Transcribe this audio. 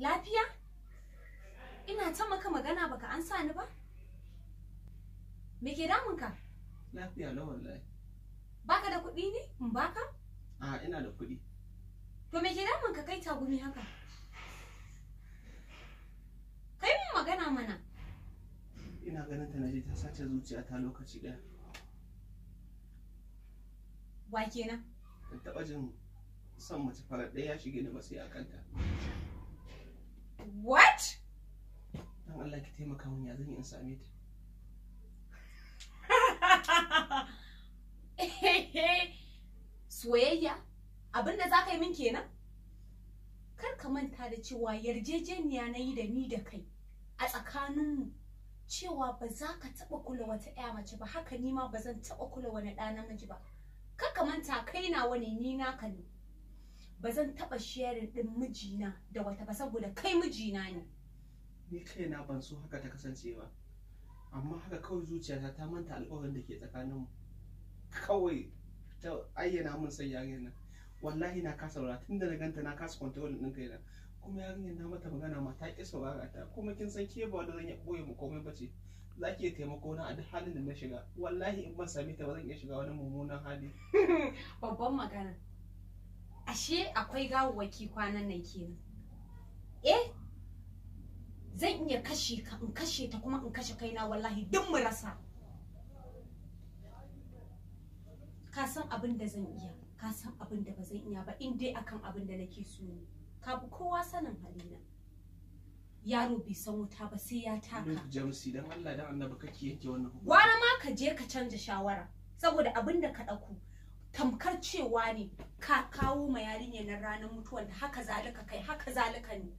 Lafiya? Ina ta maka magana baka an sa ni ba? Me ke damun ka? Lafiya la wallahi. Baka da kuɗi ne? In baka? A ina da kuɗi. To me ke damun ka kai tagumi haka? Kai mun magana mana. Ina ganin ta naje ta sace zuciya ta lokaci ɗaya. Wa kenan? Ta taɓa jin son mace farar ɗaya ya shige ni ba sai a kanta. taimaka mun ya zan in same ta soyayya abin da za ka yi min kenan kar ka manta da cewa yarjejeniya na yi da ni da kai a tsakaninmu cewa ba za ka taɓa kula wata ɗaya mace ba haka ni ma ba zan taɓa kula wani ɗa namiji ba kar ka manta kai na wani ni naka ne ba zan taɓa sharing ɗin mijina da wata ba saboda kai mijina ne ni kai na ban so haka ta kasance ba amma haka kawai zuciyata ta manta alƙawarin da ke tsakaninmu kawai ta ayyana mun san yarinyar nan wallahi na kasa wura tunda na ganta na kasa control din kaina kuma yarinyar na mata magana ma ta ƙi saurara ta kuma kin san ke ba wanda zan iya ɓoye mu komai ba ce za ki iya taimako na a duk halin da na shiga wallahi in ban same ta ba zan iya shiga wani mummunan hali babban magana ashe akwai gawawwaki kwanan nan kenan eh zan iya kashe ka in kashe ta kuma in kashe kaina wallahi duk mu rasa ka san abin da zan iya ka san abin da ba zan iya ba in dai akan abin da nake so ne ka bi kowa sanin halina yaro bai san wuta ba sai ya taka jamsi dan Allah dan annabi kake yake wannan gwara ma ka je ka canja shawara saboda abin da ka dauko tamkar cewa ne ka kawo ma yarinyar ranar mutuwar haka zalika kai haka zalika ne